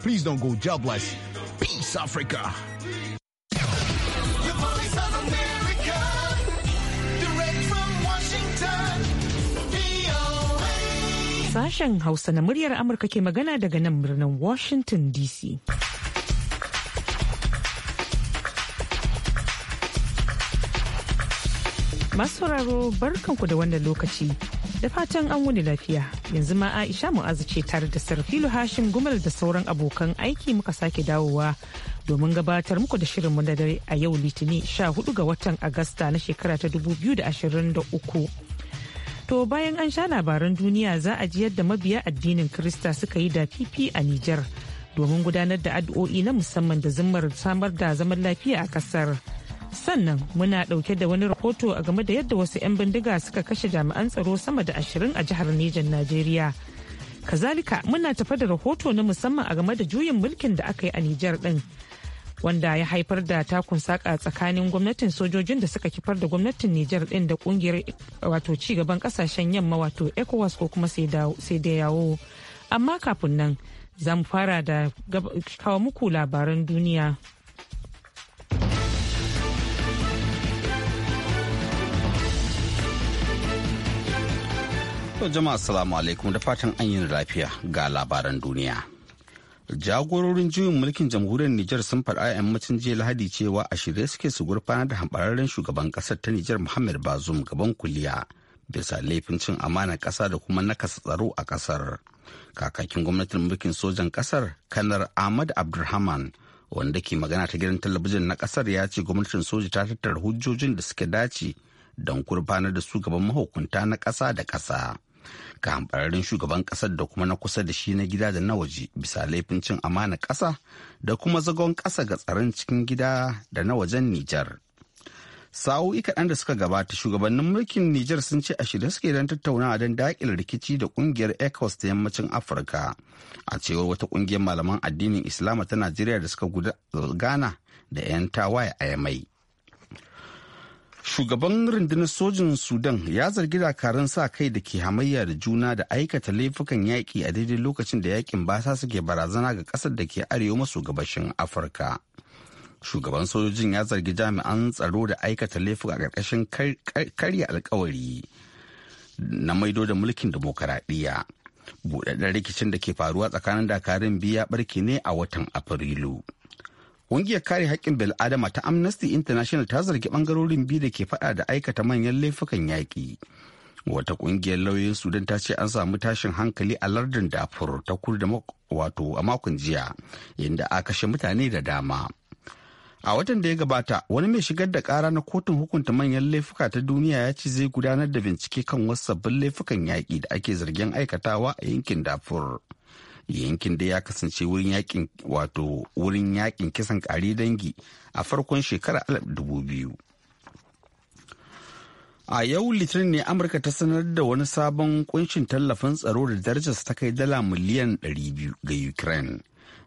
Please don't go jobless. Peace, Africa. Sashen Hausa na muryar Amurka ke magana daga nan birnin Washington DC. Masu sauraro barkanku da wannan lokaci. da fatan an wuni lafiya yanzu ma aisha mu'azu ce tare da sarfilu hashim gumal da sauran abokan aiki muka sake dawowa domin gabatar muku da shirinmu na dare a yau litinin 14 ga watan agusta na shekara ta 2023 To bayan an sha labaran duniya za a ji yadda mabiya addinin Krista suka yi da fifi a Nijar domin gudanar da addu'o'i na musamman da zimmar samar da zaman lafiya a kasar. sannan muna dauke da wani rahoto a game da yadda wasu 'yan bindiga suka kashe jami'an tsaro sama da ashirin a jihar Nijar Najeriya. Kazalika muna tafa da rahoto na musamman a game da juyin mulkin da aka yi a Nijar ɗin Wanda ya haifar da takun saƙa tsakanin gwamnatin sojojin da suka kifar da gwamnatin Nijar ɗin da ƙungiyar wato cigaban ƙasashen yamma wato ECOWAS ko kuma sai da yawo. Amma kafin nan zamu fara da kawo muku labaran duniya. To jama'a assalamu alaikum da fatan an yi lafiya ga labaran duniya. Jagororin juyin mulkin jamhuriyar Nijar sun faɗa a yammacin jiya Lahadi cewa a shirye suke su gurfanar da hambararren shugaban ƙasar ta Nijar Muhammad Bazoum gaban kuliya bisa laifin cin amanar ƙasa da kuma nakasa tsaro a ƙasar. Kakakin gwamnatin mulkin sojan ƙasar Kanar Ahmad Abdulrahman wanda ke magana ta gidan talabijin na ƙasar ya ce gwamnatin soja ta tattara hujjojin da suke dace don gurfanar da su gaban mahukunta na ƙasa da ƙasa. ga hambararren shugaban kasar da kuma na kusa da shi na gida da na waje bisa laifin cin amana kasa da kuma zagon kasa ga tsaron cikin gida da na wajen Nijar. Sa'o'i kaɗan da suka gabata shugabannin mulkin Nijar sun ce a shirye suke don tattaunawa don daƙil rikici da ƙungiyar ECOWAS ta yammacin Afirka. A cewar wata ƙungiyar malaman addinin Islam ta Najeriya da suka gana da 'yan tawaye a Yamai. shugaban rundunar sojin sudan ya zargi dakarun sa kai da ke hamayya da juna da aikata laifukan yaƙi a daidai lokacin da yaƙin basa suke barazana ga ƙasar da ke arewa maso gabashin afirka shugaban sojojin ya zargi jami'an tsaro da aikata laifuka ƙarƙashin karya alkawari na maido da mulkin dimokuraɗiyya buɗaɗɗen rikicin da ke faruwa tsakanin dakarun biya ɓarke ne a watan afrilu Ƙungiyar kare haƙƙin bil'adama ta Amnesty International ta zargi ɓangarorin biyu da ke faɗa da aikata manyan laifukan yaƙi. Wata ƙungiyar lauyoyin Sudan ta ce an samu tashin hankali a lardin dafur ta kudu da wato a makon jiya, inda a kashe mutane da dama. A watan da ya gabata, wani mai shigar da ƙara na kotun hukunta manyan laifuka ta duniya ya ce zai gudanar da bincike kan wasu sabbin laifukan yaƙi da ake zargin aikatawa a yankin dafur. yankin da ya kasance wurin yakin wato wurin yakin kisan kare dangi a farkon shekarar 2000 a yau litinin ne amurka ta sanar da wani sabon kunshin tallafin tsaro da darajarsa ta kai dala miliyan 200 ga ukraine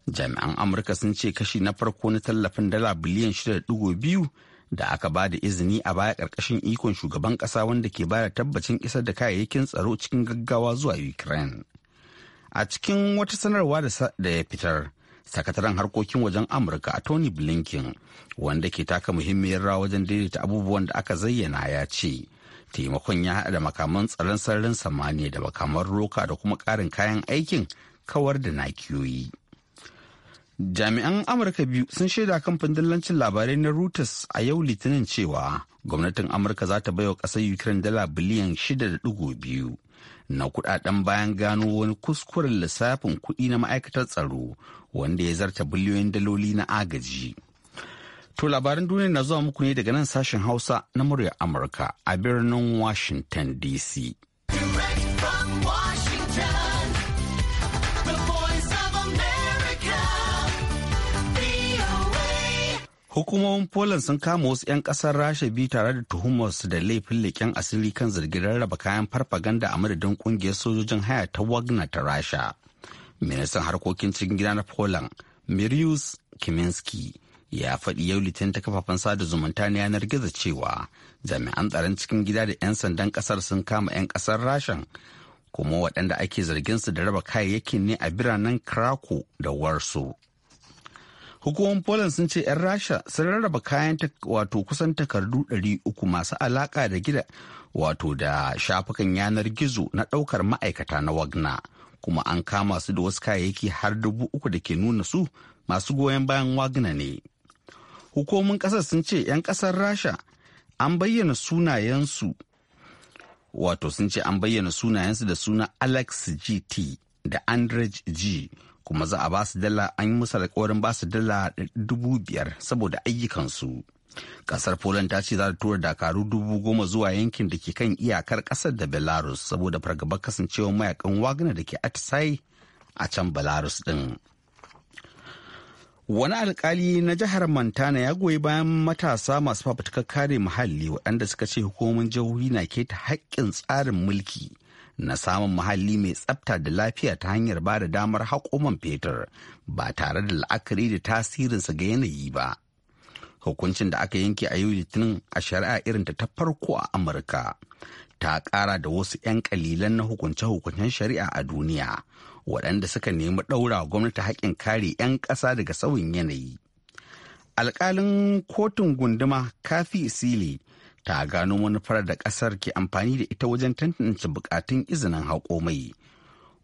jami'an amurka sun ce kashi na farko na tallafin dala biliyan 6.2 da aka ba da izini a baya ƙarƙashin ikon shugaban ƙasa wanda ke bada tabbacin isar da kayayyakin tsaro cikin gaggawa zuwa ukraine a cikin wata sanarwa da ya fitar sakataren harkokin wajen amurka a tony blinken wanda ke taka muhimmiyar rawa wajen daidaita abubuwan da aka zayyana ya ce taimakon ya haɗa da makaman tsaron sararin samaniya da makaman roka da kuma ƙarin kayan aikin kawar da nakiyoyi jami'an amurka biyu sun shaida kamfanin dillancin labarai na reuters a yau litinin cewa gwamnatin amurka za ta wa ƙasar ukraine dala biliyan 6.2 na kudaden bayan gano wani kuskuren lissafin kuɗi na ma'aikatar tsaro wanda ya zarta biliyoyin daloli na agaji. To labaran duniya na zuwa muku ne daga nan sashen Hausa na murya Amurka a birnin Washington DC. Hukumomin Poland sun kama wasu 'yan kasar Rasha biyu tare da tuhumarsu da laifin leƙen asiri kan zargin rarraba kayan farfaganda a madadin ƙungiyar sojojin haya ta Wagner ta Rasha. Ministan harkokin cikin gida na Poland, mirius Kiminski, ya faɗi yau litin ta kafafen sada zumunta na yanar gizo cewa jami'an tsaron cikin gida da 'yan sandan ƙasar sun kama 'yan ƙasar Rashan kuma waɗanda ake zargin su da raba kayayyakin ne a biranen Krakow da Warsaw. Hukumomin Poland sun ce 'yan Rasha sun rarraba kayan wato kusan takardu 300 masu alaka da gida wato da shafukan yanar gizo na daukar ma'aikata na wagna Kuma an kama su da wasu kayayyaki har dubu uku da ke nuna su masu goyon bayan wagna ne. Hukumomin ƙasar sun ce 'yan kasar Rasha an bayyana sunayensu wato sun ce an bayyana sunayensu da suna Alex GT da Andrej G kuma za a ba su dala an yi musu alkawarin ba su dala dubu biyar saboda ayyukansu kasar poland ta ce za ta tura dakaru dubu goma zuwa yankin da ke kan iyakar kasar da belarus saboda fargabar kasancewar mayakan wagana da ke atisaye a can belarus din wani alkali na jihar montana ya goyi bayan matasa masu fafutukar kare muhalli waɗanda suka ce hukumomin jihohi na keta haƙƙin tsarin mulki na samun muhalli mai tsafta da lafiya ta hanyar ba da damar haƙoman fetur ba tare da la'akari da tasirinsa ga yanayi ba. Hukuncin da aka yanke a yau litinin a shari'a irin ta farko a Amurka ta ƙara da wasu 'yan ƙalilan na hukunce-hukuncen shari'a a duniya waɗanda suka nemi ɗaura gwamnati haƙƙin kare 'yan ƙasa daga sauyin yanayi. Alƙalin kotun gunduma kafi isili ta gano manufar da ƙasar ke amfani da ita wajen tantance bukatun izinin haƙo mai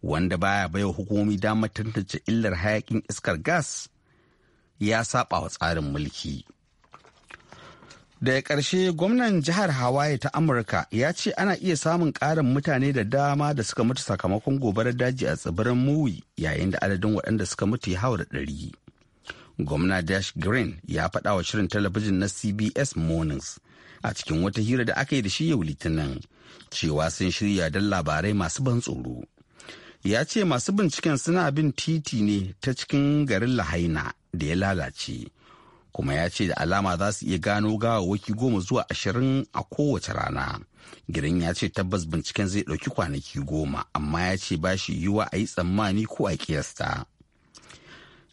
wanda baya baiwa hukumomi damar tantance illar hayakin iskar gas ya saba wa tsarin mulki. Daga ƙarshe gwamnan jihar Hawaii ta Amurka ya ce ana iya samun ƙarin mutane da dama da suka mutu sakamakon gobarar daji a tsibirin muwi yayin da adadin waɗanda suka mutu ya da ɗari. Gwamna Dash Green ya faɗa wa shirin talabijin na CBS Mornings a cikin wata hira da aka yi da shi yau litinin cewa sun shirya don labarai masu ban tsoro ya ce masu binciken suna bin titi ne ta cikin garin lahaina da ya lalace kuma ya ce da alama za su iya gano gawawwaki goma zuwa ashirin a kowace rana girin ya ce tabbas binciken zai ɗauki kwanaki goma amma ya ce ba shi yiwuwa a yi tsammani ko a kiyasta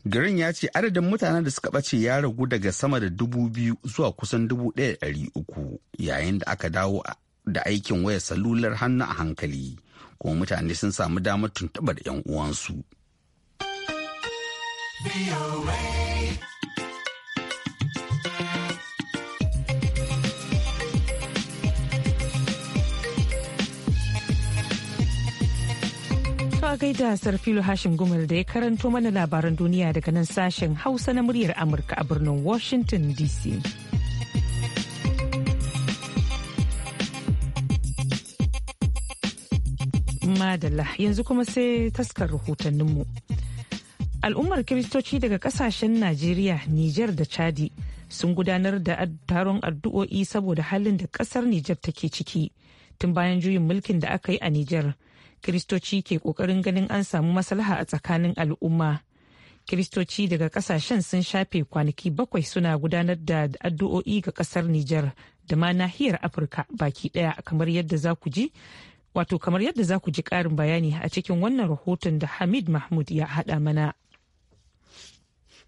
Garin ya ce adadin mutanen da suka ɓace ya ragu daga sama da dubu biyu zuwa kusan dubu ɗaya da ɗari uku yayin da aka dawo da aikin wayar salular hannu a hankali kuma mutane sun samu damar tuntuɓar 'yan uwansu. To a da Sarfilo Hashin Gumar da ya karanto mana labaran duniya daga nan sashen Hausa na muryar Amurka a birnin Washington DC. Madalla yanzu kuma sai taskar rahotanninmu. Al'ummar Kiristoci daga kasashen Najeriya, niger da Chadi sun gudanar da taron addu'o'i saboda halin da kasar niger take ciki tun bayan juyin mulkin da aka yi a niger. kiristoci ke kokarin ganin an samu maslaha a tsakanin al'umma kiristoci daga kasashen sun shafe kwanaki bakwai suna gudanar da addu'o'i ga kasar niger da ma nahiyar afirka baki daya kamar yadda za ku ji wato kamar yadda za ku ji karin bayani a cikin wannan rahoton da hamid mahmud ya haɗa mana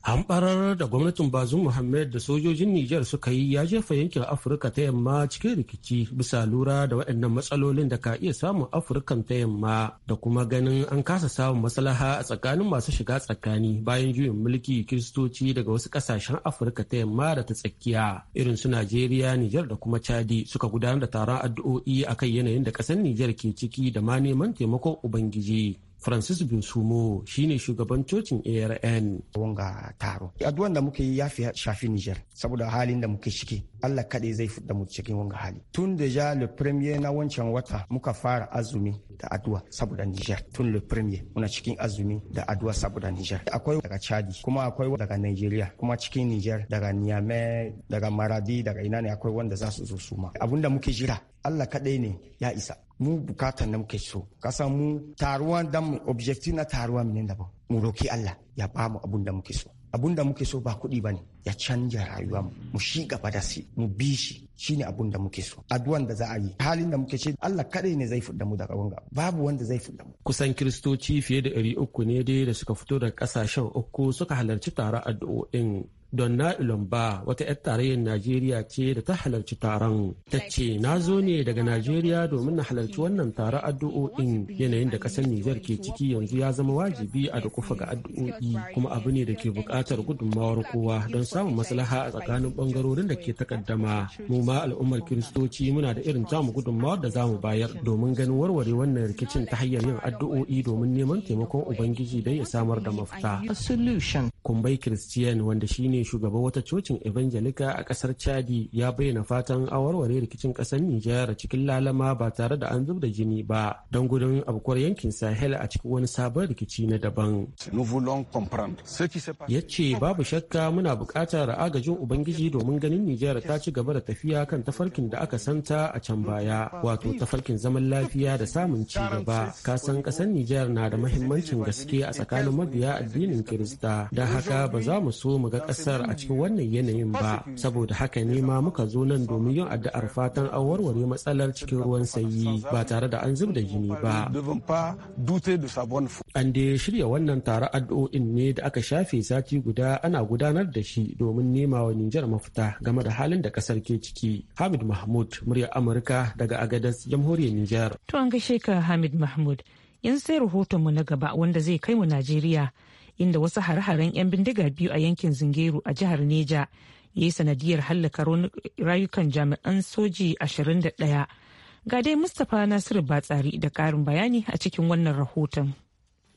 hamɓarar da gwamnatin bazum muhammed da sojojin Nijar suka yi ya jefa yankin afirka ta yamma cikin rikici bisa lura da waɗannan matsalolin da ka iya samun afirkan ta yamma da kuma ganin an kasa samun maslaha a tsakanin masu shiga tsakani bayan juyin mulki kiristoci daga wasu ƙasashen afirka ta yamma da ta tsakiya irin su najeriya nijar da kuma chadi suka gudanar da taron addu'o'i akan yanayin da ƙasar Nijar ke ciki da ma neman taimakon ubangiji Francis Binsumo shine shugaban cocin ARN. Wanga taro. Aduwan da muke yi ya fi shafi Niger saboda halin da muke ciki. Allah kaɗai zai fi mu cikin wanga hali. Tun da ja le premier na wancan wata muka fara azumi da aduwa saboda Niger. Tun le premier muna cikin azumi da aduwa saboda Niger. Akwai daga Chadi kuma akwai daga Nigeria kuma cikin Niger daga Niamey daga Maradi daga ina ne akwai wanda za su zo suma abun da muke jira Allah kaɗai ne ya isa mu bukatan da muke so kasa mu taruwan dan objective na taruwa ne daban mu roki Allah ya ba mu abun da muke so abun da muke so ba kuɗi ba ne ya canja rayuwa mu mu shi gaba da si mu bi shi ne abun da muke so Aduwan da za a yi halin da muke ce Allah kaɗai ne zai fudda mu daga wanga babu wanda zai fudda mu kusan kiristoci fiye da ɗari uku ne dai da suka fito daga ƙasashen uku suka halarci taron addu'o'in Donna Ilomba wata 'yar tarayyar Najeriya ce da ta halarci taron. Ta ce, Na zo ne daga Najeriya domin na halarci wannan taron addu'o'in yanayin da kasar Nijar ke ciki yanzu ya zama wajibi a da kufa ga addu'o'i kuma abu ne da ke buƙatar gudunmawar kowa don samun maslaha a tsakanin ɓangarorin da ke takaddama. Mu ma al'ummar Kiristoci muna da irin tamu gudunmawar da zamu bayar domin ganin warware wannan rikicin ta hanyar yin addu'o'i domin neman taimakon Ubangiji don ya samar da mafita. Kumbai Kiristiyan wanda shine ne shugaban wata cocin evangelika a kasar chadi ya bayyana fatan awarware rikicin kasar nijar cikin lalama ba tare da an zub da jini ba don gudun abokuwar yankin sahel a cikin wani sabon rikici na daban ya ce babu shakka muna buƙatar agajin ubangiji domin ganin nijar ta ci gaba da tafiya kan tafarkin da aka santa a can baya wato tafarkin zaman lafiya da samun ci gaba kasan kasar nijar na da mahimmancin gaske a tsakanin mabiya addinin kirista don haka ba za mu so mu ga kasa. kasar a cikin wannan yanayin ba saboda haka ne ma muka zo nan domin yin addu'ar fatan an warware matsalar cikin ruwan sanyi ba tare da an zub da jini ba an da shirya wannan tare addu'o'in ne da aka shafe sati guda ana gudanar da shi domin nema wa Nijar mafita game da halin da kasar ke ciki Hamid Mahmud muryar Amurka daga Agadez jamhuriyar Nijar to an ka Hamid Mahmud yanzu sai rahoton mu na gaba wanda zai kai mu Najeriya inda wasu har haren 'yan bindiga biyu a yankin zingeru a jihar neja ya yi sanadiyar hallaka rayukan jami'an soji 21 ga dai mustapha nasiru batsari da ƙarin bayani a cikin wannan rahoton.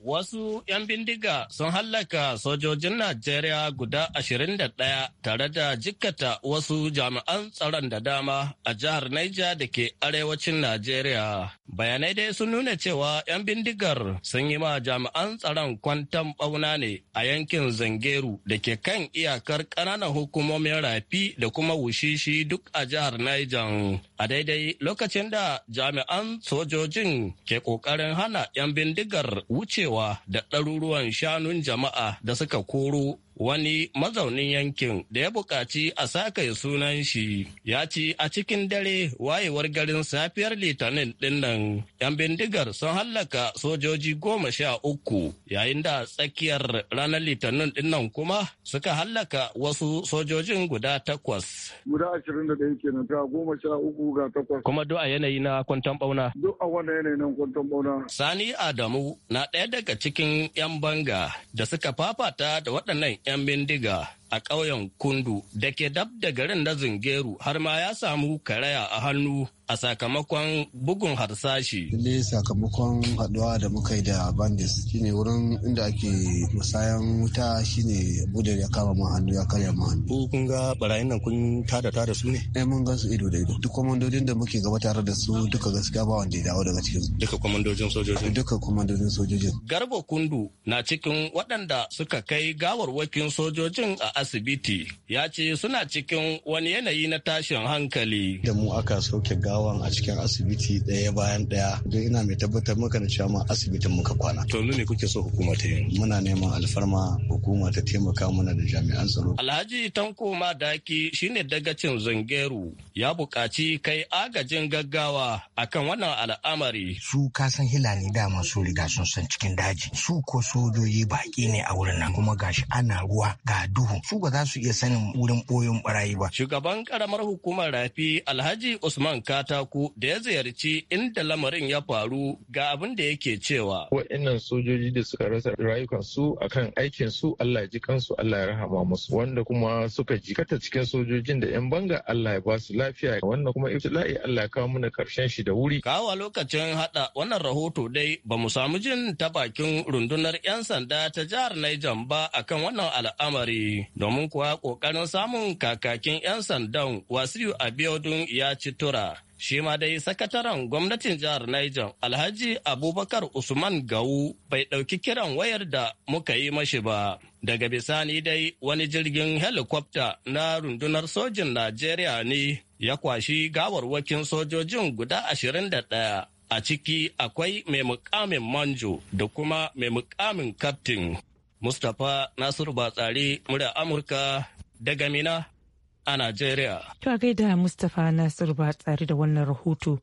Wasu 'yan bindiga sun hallaka sojojin Najeriya guda 21 tare da jikata wasu jami'an tsaron da dama a jihar Niger da ke arewacin Najeriya. Bayanai dai sun nuna cewa 'yan bindigar sun yi ma jami'an tsaron kwantan bauna ne a yankin Zangeru da ke kan iyakar ƙananan hukumomin rafi da kuma wushishi duk a jihar Niger. a daidai lokacin da jami'an sojojin ke ƙoƙarin hana 'yan bindigar wucewa da ɗaruruwan shanun jama'a da suka koro wani mazaunin yankin da ya buƙaci a sake sunan shi ya ci a cikin dare wayewar garin safiyar litinin dinnan yan bindigar sun hallaka sojoji goma sha uku yayin da tsakiyar ranar litinin dinnan kuma suka hallaka wasu sojojin guda takwas. Guda ashirin da ɗaya kenan ta goma sha uku ga takwas. Kuma duk a yanayi na kwanton ɓauna. Duk a wannan yanayi na kwanton ɓauna. Sani Adamu na ɗaya daga cikin 'yan banga da suka fafata da waɗannan 'yan bindiga a ƙauyen kundu da ke dab da garin na zingeru har ma ya samu karaya a hannu a sakamakon bugun harsashi. Lalle sakamakon haɗuwa da muka yi da bandis shine wurin inda ake musayan wuta shine budar ya kama mu hannu ya karya mu hannu. Ku kun ga barayin nan kun tada tada su ne? Eh mun gan su ido da ido. Duk kwamandodin da muke gaba tare da su duka gaskiya ba wanda ya dawo daga cikin su. Duka komandojin sojojin. Duka komandojin sojojin. Garba kundu na cikin waɗanda suka kai gawarwakin sojojin a asibiti ya ce suna cikin wani yanayi na tashin hankali. Da mu aka sauke gawan a cikin asibiti ɗaya bayan ɗaya don ina mai tabbatar maka da cewa asibitin muka kwana. To ne kuke so hukuma ta yi? Muna neman alfarma hukuma ta taimaka mana da jami'an tsaro. Alhaji Tanko Madaki shine dagacin Zangeru ya buƙaci kai agajin gaggawa akan wannan al'amari. Su kasan hilani dama su riga sun san cikin daji. Su ko sojoji baƙi ne a wurin nan kuma gashi ana ruwa ga duhu su ba za su iya sanin wurin ɓoyon barayi ba. Shugaban karamar hukumar rafi Alhaji Usman Katako da ya ziyarci inda lamarin ya faru ga abin da yake cewa. Wa'innan sojoji da suka rasa rayukansu akan aikin su Allah ji kansu Allah ya rahama musu wanda kuma suka jikata cikin sojojin da 'yan banga Allah ya ba su lafiya wannan kuma ibtila'i Allah ya kawo mana karshen shi da wuri. Kawo lokacin hada wannan rahoto dai ba mu samu jin ta bakin rundunar 'yan sanda ta jihar Niger ba akan wannan al'amari. domin kuwa ƙoƙarin samun kakakin 'yan sandan wasu abiodun ya ci tura shi ma dai sakataren gwamnatin jihar niger alhaji abubakar usman gawu bai ɗauki kiran wayar da muka yi mashi ba daga bisani dai wani jirgin helikwafta na rundunar sojin najeriya ne ya kwashi gawarwakin sojojin guda ashirin da ɗaya. a ciki akwai mai mukamin manjo da kuma mai mukamin kaftin Mustapha Nasiru Batsari murya Amurka daga Mina a Najeriya. To a gaida Mustapha Nasiru Batsari da wannan rahoto.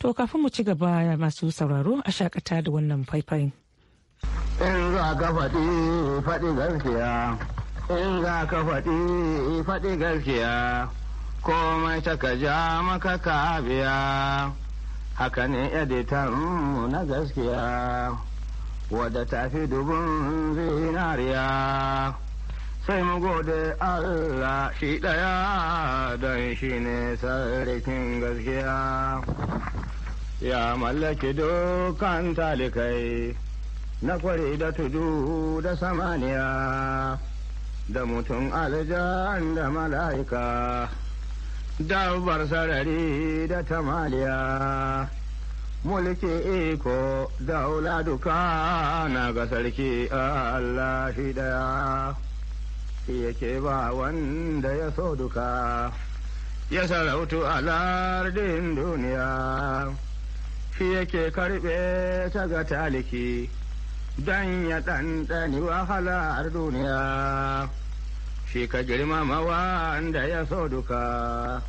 To kafin mu ci gaba masu sauraro a shakata da wannan faifai. In za ka faɗi faɗi gaskiya, in za ka faɗi faɗi gaskiya, komai ta ka ja maka kabiya haka ne editan mu na gaskiya. dubun zinariya sai mu gode Allah shi ɗaya don shi ne sarrikin gaskiya ya mallaki dukkan talikai na kwari da tudu da samaniya da mutum aljan da mala'ika dabbar sarari da tamaliya mulki iko daula duka na ga sarki Allah shi daya shi yake ba wanda ya so duka ya sarautu a lardin duniya shi yake karɓe ta ga taliki don ya ɗanɗani wahalar duniya shi ka girmama wanda ya so duka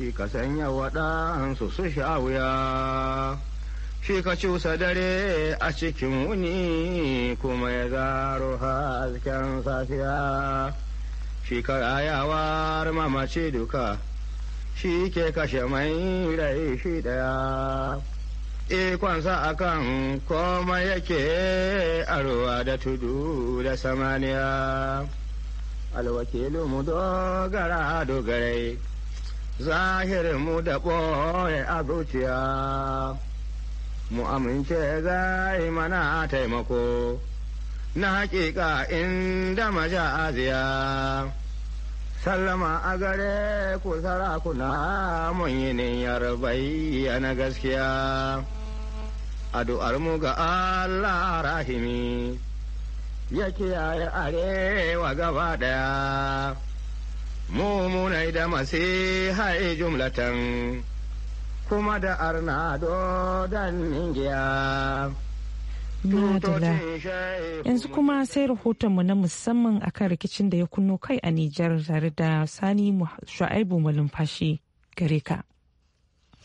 shi ka sanya waɗansu su sha wuya. Shi ka cusa dare a cikin wuni kuma ya zaro hasken safiya. Shi ka rayawar mamaci duka, shi ke kashe mai rai shi ɗaya. Ikonsa a kan koma yake arwa da tudu da samaniya. Alwakilu mu dogara dogarai. mu da ɓoye a zuciya mu amince zai mana taimako na hakika inda maja'aziya sallama a gare ku sarakuna mun yi niyyar bayyana gaskiya addu'ar mu ga Allah rahimi ya kiyaye arewa gaba daya mummunai da masihai jumlatan kuma da arnado don ningiya. Madala. Yanzu kuma sai rahotonmu na musamman akan rikicin da ya kunno kai a Nijar tare da Sani Shu'aibu Malumfashi gare ka.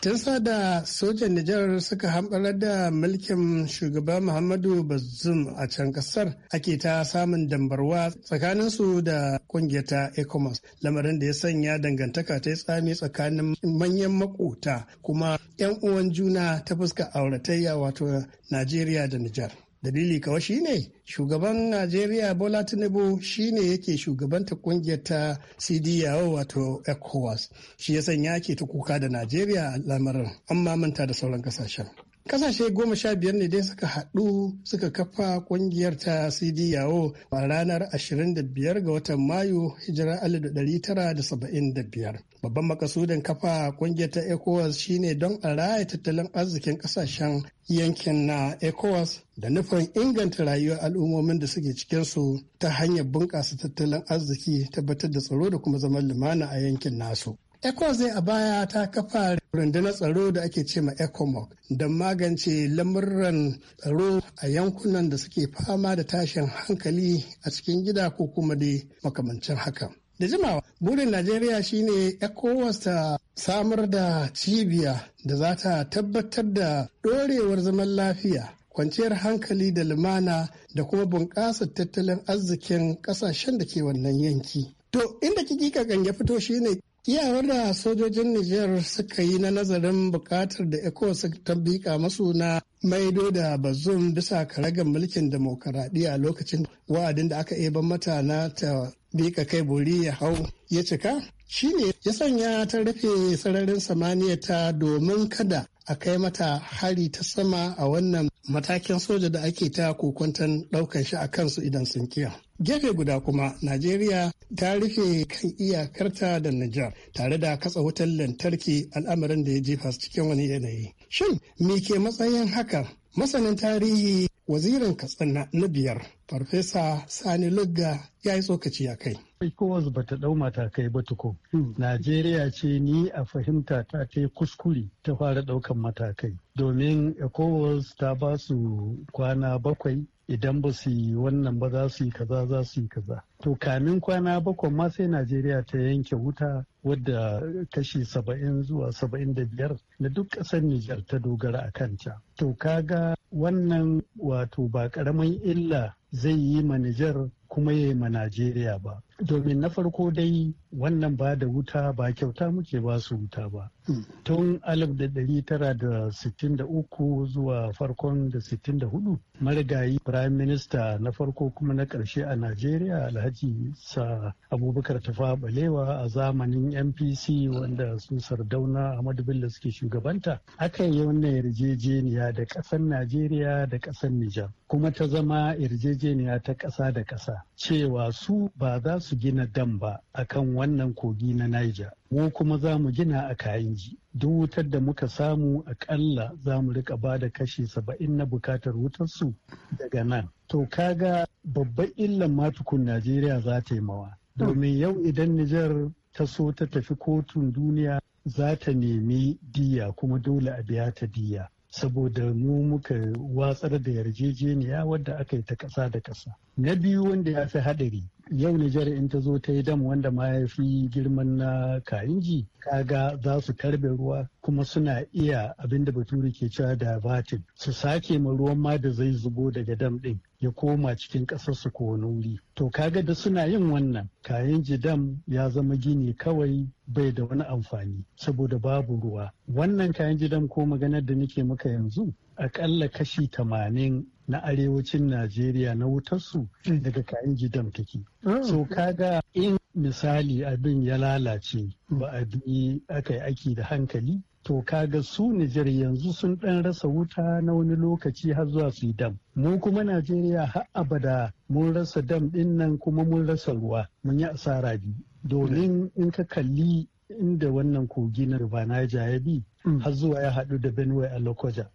Tun sada sojan Nijar suka hamɓarar da mulkin shugaba Muhammadu Bazoum a can ƙasar ake ta samun dambarwa tsakaninsu da ƙungiyar ta ECOMAS lamarin da ya sanya dangantaka ta tsami tsakanin manyan makota kuma 'yan uwan juna ta fuska auratayya wato Najeriya da Nijar. dalili kawai shine shugaban najeriya bola tinubu shine yake shugabanta kungiyar ta cdao wato ecowas shi ya sanya ke ta kuka da najeriya lamarin an mamanta da sauran kasashen Kasashe goma sha biyar ne dai suka haɗu suka kafa kungiyar ta CDAO a ranar 25 ga watan Mayu hijirar 1975. Babban makasudin kafa kungiyar ta ECOWAS shine don a raya tattalin arzikin kasashen yankin na ECOWAS da nufin inganta rayuwar al'ummomin da suke cikinsu ta hanyar bunƙasa tattalin arziki tabbatar da tsaro da kuma zaman lumana a yankin nasu. zai a baya ta kafa rundunar tsaro da ake ce ma ECOMOC don magance lamuran tsaro a yankunan da suke fama da tashin hankali a cikin gida ko kuma da makamancin haka. Da jimawa, burin Najeriya shine ECOWAS ta samar da cibiya da za ta tabbatar da dorewar zaman lafiya kwanciyar hankali da lumana da kuma bunƙasa tattalin arzikin ƙasashen da ke wannan yanki. To inda kiki kakan ya fito shine iyawar da sojojin Nijar suka yi na nazarin bukatar da ECOWAS ta bika masu na maido da bazum bisa karagar mulkin demokaradiyya lokacin wa'adin da aka eban mata na ta bika kai buri ya hau ya cika shi ne ya sanya ta rufe sararin samaniya ta domin kada a kai mata hari ta sama a wannan matakin soja da ake ta kokwantan ɗaukan shi a kansu idan sun kiya. Gefe guda kuma, Najeriya ta rufe kan iyakarta da Nijar tare da katsa wutar lantarki al'amarin da ya jefa cikin wani yanayi. Shin, me ke matsayin haka? Masanin tarihi wazirin katsina na biyar farfesa sani lugga ya yi tsokaci a kai ECOWAS ba ta ɗau matakai ba tuko. Hmm. Najeriya ce ni a fahimta ta ta kuskure ta fara ɗaukan matakai. Domin ECOWAS ta ba su kwana bakwai idan ba su yi wannan ba za su yi kaza za su yi kaza to kamin kwana bakwai ma sai najeriya ta yanke wuta wadda kashi saba'in zuwa saba'in da biyar na duk ƙasar nijar ta dogara a kanta to kaga wannan wato ba ƙaramin illa zai yi ma nijar kuma ya yi ma najeriya ba domin na farko dai wannan ba da wuta ba kyauta muke ba su wuta ba hmm. tun 1963 zuwa farkon da 64 marigayi prime minister na farko kuma na karshe a najeriya alhaji sa abubakar tafa balewa a zamanin mpc wanda su sardauna ahmadu bello suke shugabanta aka yi wannan yarjejeniya da ƙasan najeriya da ƙasar nijar kuma ta zama yarjejeniya ta ƙasa da ƙasa cewa su ba za su gina dam ba kan wannan kogi na Niger. Mu kuma za mu gina a kayanji. Duk wutar da muka samu akalla za mu rika ba da kashi saba'in na bukatar su daga nan. To kaga babban illan matukun Najeriya za ta yi mawa. Domin yau idan Nijar ta so ta tafi kotun duniya za ta nemi diya kuma dole a biya ta diya. saboda mu muka watsar da yarjejeniya wadda aka yi ta ƙasa da ƙasa. Na biyu wanda ya fi haɗari yau Nijar in ta zo ta yi dam wanda ma ya fi girman na kainji kaga za su karbe ruwa kuma suna iya abinda bature ke cewa da batin su sake ma ruwan ma da zai zubo daga dam ɗin. ya koma cikin ƙasar su ko wani wuri to kaga da suna yin wannan kayan dam ya zama gini kawai bai da wani amfani saboda babu ruwa wannan kayan dam ko maganar da nake maka yanzu akalla kashi tamanin na arewacin najeriya na wutar su. daga kayan gidan take so oh. kaga in misali abin ya lalace ba a bi aka yi aki da hankali to kaga su Nijar yanzu sun ɗan rasa wuta na wani lokaci har zuwa su yi dam. Mu kuma Najeriya har abada mun rasa dam ɗin nan kuma mun rasa ruwa mun yi asara biyu. Domin in ka kalli inda wannan kogi na riba Naija ya bi hmm. har zuwa ya haɗu da Benue a Lokoja.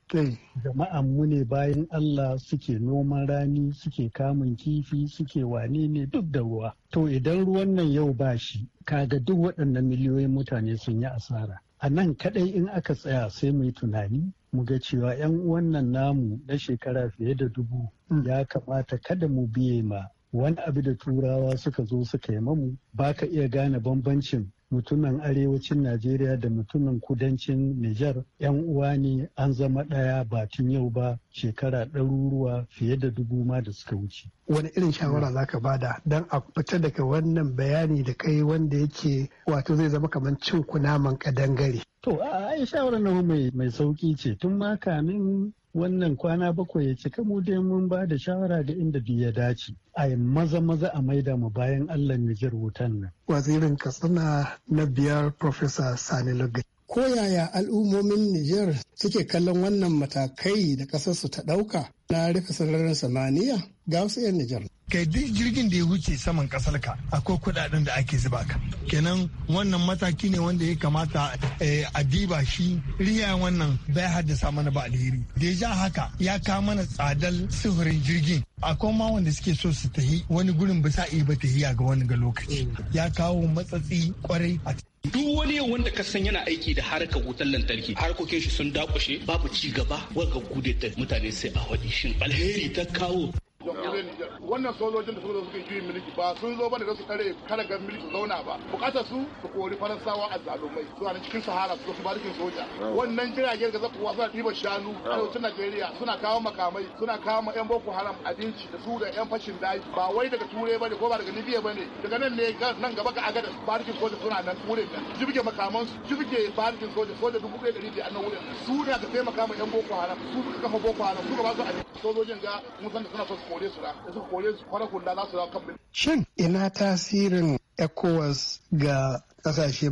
Jama'an mu ne bayan Allah suke noman rani suke kamun kifi suke wane ne duk da ruwa. To idan ruwan nan yau ba shi kaga duk waɗannan miliyoyin mutane sun yi asara. A nan kaɗai in aka tsaya sai mu yi tunani mu ga cewa 'yan wannan namu na shekara fiye da dubu hmm. ya kamata kada mu biye ma wani abu da turawa suka zo suka yi mamu ba ka iya gane bambancin mutumin arewacin najeriya da mutumin kudancin nijar yan uwa ne an zama ɗaya ba tun yau ba shekara ɗaruruwa fiye da dubu ma da suka wuce wani irin shawara za ka bada don a fita daga wannan bayani da kai wanda yake wato zai zama kamar cin kunaman kadangare to a shawarar nan mai sauki ce tun ma kamin wannan kwana bakwai ya cika mu dai mun ba da shawara da inda duk ya dace a yi maza maza a maida mu bayan allah nijar wutan nan. wazirin katsina na biyar Profesa sani Lagos. ko yaya al'ummomin nijar suke kallon wannan matakai da ƙasarsu ta ɗauka na rufe sararin samaniya ga wasu 'yan nijar kai duk jirgin da ya wuce saman kasar ka akwai kuɗaɗen da ake zuba ka kenan wannan mataki ne wanda ya kamata eh, a diba shi riya wannan bai haddasa mana ba alheri da ya ja haka ya ka mana tsadar sufurin jirgin akwai ma wanda suke so su tahi wani gurin ba sa iya ba tahiya ga wani ga lokaci ya kawo matsatsi kwarai a duk wani yau wanda ka san yana aiki da harka wutar lantarki harkokin shi sun dakushe babu ci gaba waga gudeta mutane sai a waɗi shin alheri ta kawo wannan sojojin da suka suka yi juyin mulki ba sun zo bane da su tare ga miliki zauna ba bukatar su su kori faransawa a zalumai su a cikin sahara su su barikin soja wannan jiragen gaza kuwa suna ɗiban shanu a arewacin najeriya suna kawo makamai suna kawo ma yan boko haram abinci da su da yan fashin daji ba wai daga turai bane ko ba daga libya bane daga nan ne nan gaba ga agada barikin soja suna nan wurin nan jibge makaman su jibge barikin soja soja dubu ɗaya ɗari biyar nan wurin su da ka taimaka ma yan boko haram su suka kafa boko haram su ga ba su a sojojin ga mun san da suna so su kore su da su kore Shin ina tasirin ECOWAS ga kasashe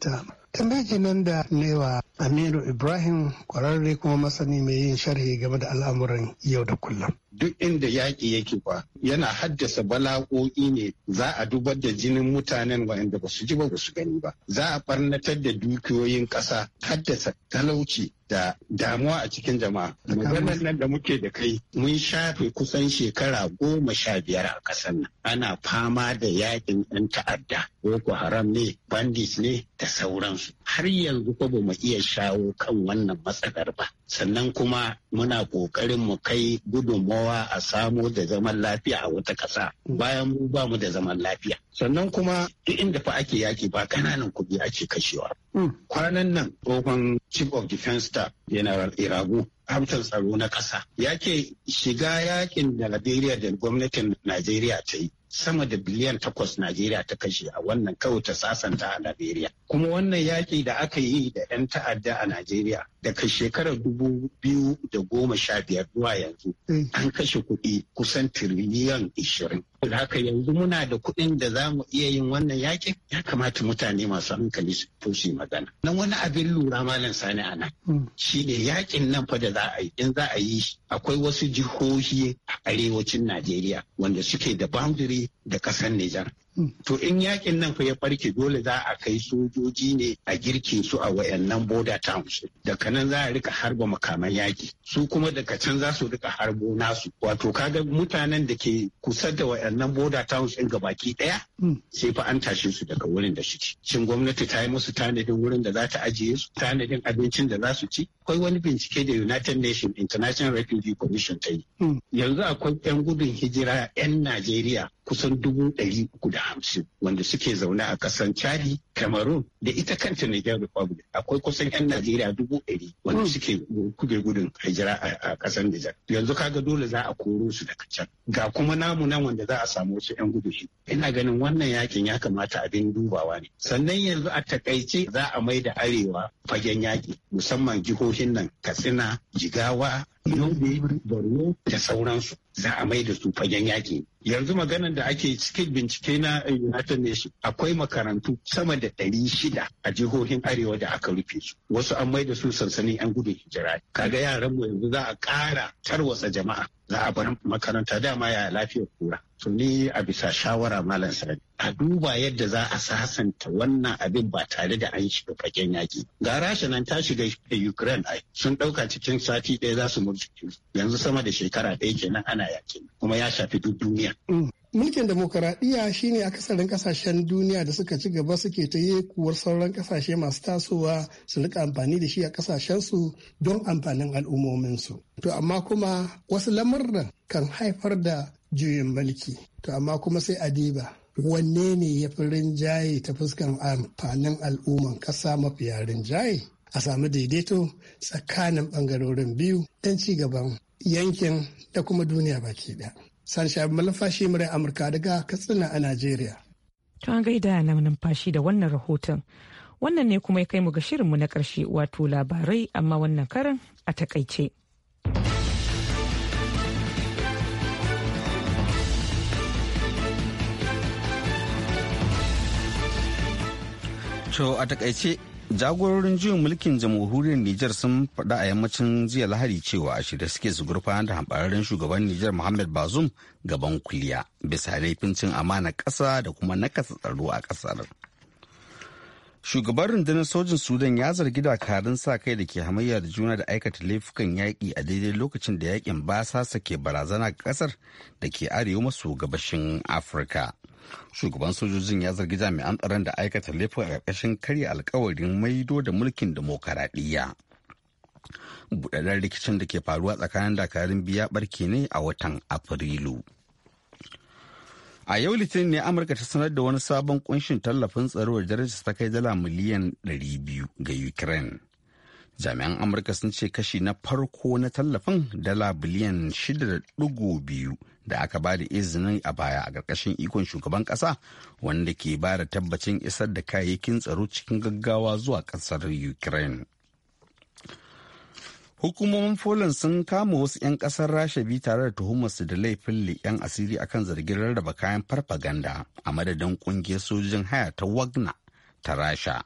Ta Tambaye nan da newa Aminu Ibrahim kwararre kuma masani mai yin sharhi game da al'amuran yau da kullum. duk inda yaƙi yake ba yana haddasa bala'o'i ne za a dubar da jinin mutanen waɗanda ba su ji ba su gani ba za a barnatar da dukiyoyin ƙasa haddasa talauci da damuwa a cikin jama'a maganar nan da muke da kai mun shafe kusan shekara goma sha biyar a ƙasar nan ana fama da yaƙin 'yan ta'adda boko haram ne bandits ne da sauransu har yanzu ko bamu iya shawo kan wannan matsalar ba sannan kuma muna ƙoƙarin mu kai gudunmawa kowa a samu da zaman lafiya a wata ƙasa bayan mu ba mu da zaman lafiya sannan kuma duk inda fa ake yaki ba kananan kuɗi ake kashewa hmm. kwanan nan tsohon chief of defense staff general iragu hamtar tsaro na ƙasa ya shiga yakin da Najeriya da gwamnatin Najeriya ta yi sama da biliyan takwas Najeriya ta kashe a wannan kawai ta sasanta a Najeriya. Kuma wannan yaƙi da aka yi da 'yan ta'adda a Najeriya daga shekarar dubu biyu da goma sha biyar zuwa yanzu eh. an kashe kuɗi kusan tiriliyan ishirin. Da haka yanzu muna da kuɗin da za mu iya yin wannan yakin ya kamata mutane masu hankali su toshe magana. Nan wani abin lura malam sani a nan. Hmm. Shi ne yakin nan fa da za a yi in za a yi akwai wasu jihohi a arewacin Najeriya wanda suke da boundary da ƙasar Nijar. To in yakin nan fa ya barke dole za a kai sojoji ne a girke su a wayannan border towns. Daga nan za a rika harba makaman yaki. Su kuma daga can za su rika harbo nasu. Wato kaga mutanen da ke kusa da wayannan border towns ɗin gabaki ɗaya hmm. sai fa an tashe su daga wurin da suke. Shin gwamnati ta yi musu tanadin wurin da za ta ajiye su, tanadin abincin da za su ci. Akwai wani bincike da United Nations International Refugee Commission ta yi. Hmm. Yanzu akwai 'yan gudun hijira 'yan Najeriya kusan dubu ɗari uku da hamsin wanda suke zaune a ƙasar Chadi, Cameroon da ita kanta Niger Republic akwai kusan 'yan Najeriya dubu ɗari wanda hmm. suke kuge gudun hijira a ƙasar Niger. Yanzu kaga dole za a koro su daga can. Ga kuma namu nan wanda za a samu wasu 'yan shi. Ina ganin wannan yakin ya kamata abin dubawa ne. Sannan yanzu a takaice za a mai da arewa fagen yaƙi musamman jihohin nan Katsina, Jigawa, yi borno da sauransu za a mai da su fagen yaki yanzu maganar da ake cikin bincike na united nation akwai makarantu sama da ɗari shida a jihohin arewa da aka rufe su wasu an mai da su sansanin yan gudun hijira kaga yaran mu yanzu za a ƙara tarwatsa jama'a za a bar makaranta dama ya lafiyar kura to ni a bisa shawara malam sarari a duba yadda za a sasanta wannan abin ba tare da an shiga fagen yaki ga rasha nan ta shiga ukraine ai sun dauka cikin sati ɗaya za su murtuke yanzu sama da shekara ɗaya kenan ana yaki kuma ya shafi duk duniya mm. mulkin demokaradiyya shine akasarin kasashen duniya da suka ci gaba suke ta yi kuwar sauran kasashe masu tasowa su rika amfani da shi a kasashensu don amfanin al'ummominsu to amma kuma wasu lamurran kan haifar da juyin mulki to amma kuma sai a diba wanne ne ya fi rinjaye ta fuskan amfanin al'umman ƙasa mafiya rinjaye a samu daidaito tsakanin ɓangarorin biyu ɗan ci gaban yankin da kuma duniya baki ɗaya. Sansha Malafashi murai Amurka daga Katsina a Najeriya. Tun gaida na numfashi da wannan rahoton. Wannan ne kuma ya kai mu ga shirinmu na ƙarshe wato labarai amma wannan karan a takaice. To a takaice jagororin juyin mulkin jamhuriyar Nijar sun faɗa a yammacin jiya lahari cewa a shirye suke su da hambararren shugaban Nijar Muhammad bazum gaban kuliya bisa laifin cin amana ƙasa da kuma nakasa tsaro a ƙasar. Shugaban rundunar sojin Sudan ya zargi dakarun sa kai da ke hamayya da juna da aikata laifukan yaƙi a daidai lokacin da yaƙin basa sake barazana ga ƙasar da ke arewa maso gabashin Afirka. shugaban sojojin ya zargi jami'an tsaron da aikata laifin a ƙarƙashin karya alkawarin maido da mulkin demokaradiyya buɗaɗɗen rikicin da ke faruwa tsakanin dakarun biya barke ne a watan afrilu a yau litinin ne amurka ta sanar da wani sabon kunshin tallafin tsaro da darajar ta kai dala miliyan 200 ga ukraine jami'an amurka sun ce kashi na farko na tallafin dala biliyan 6.2 da aka ba da izinin a baya a ƙarƙashin ikon shugaban ƙasa wanda ke ba da tabbacin isar da kayayyakin tsaro cikin gaggawa zuwa ƙasar ukraine hukumomin poland sun kama wasu 'yan kasar rasha biyu tare da tuhumar su da laifin yan asiri akan zargin rarraba kayan farfaganda a madadin ƙungiyar sojojin haya ta wagner ta rasha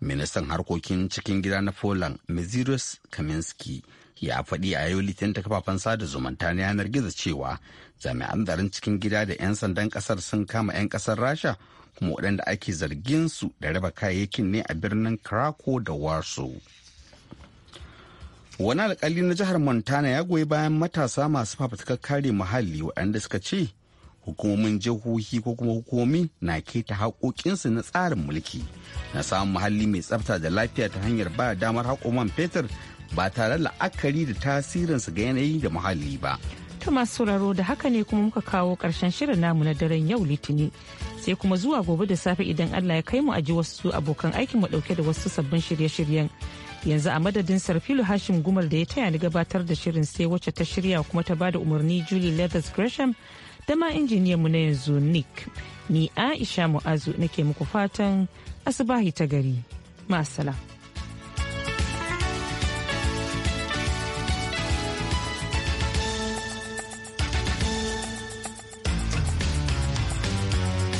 ministan harkokin cikin gida na poland mizirus kaminski ya faɗi a yau litinin ta kafafen sada zumunta na yanar gizo cewa jami'an tsaron cikin gida da 'yan sandan ƙasar sun kama 'yan ƙasar rasha kuma waɗanda ake zargin su da raba kayayyakin ne a birnin krakow da warso wani alkali na jihar montana ya goyi bayan matasa masu fafutukar kare muhalli waɗanda suka ce hukumomin jihohi ko kuma hukumomi na keta haƙoƙinsu na tsarin mulki na samun muhalli mai tsafta da lafiya ta hanyar ba damar haƙoman fetur ba tare la'akari da tasirinsu ga yanayi da muhalli ba. ta masu sauraro da haka ne kuma muka kawo ƙarshen shirin namu na daren yau litini sai kuma zuwa gobe da safe idan allah ya kai mu aji wasu abokan aikin mu ɗauke da wasu sabbin shirye-shiryen yanzu a madadin sarfilu hashim gumar da ya taya ni gabatar da shirin sai wacce ta shirya kuma ta bada umarni julie leathers gresham da ma injiniyanmu na yanzu nick ni aisha mu'azu nake muku fatan asubahi ta gari masala.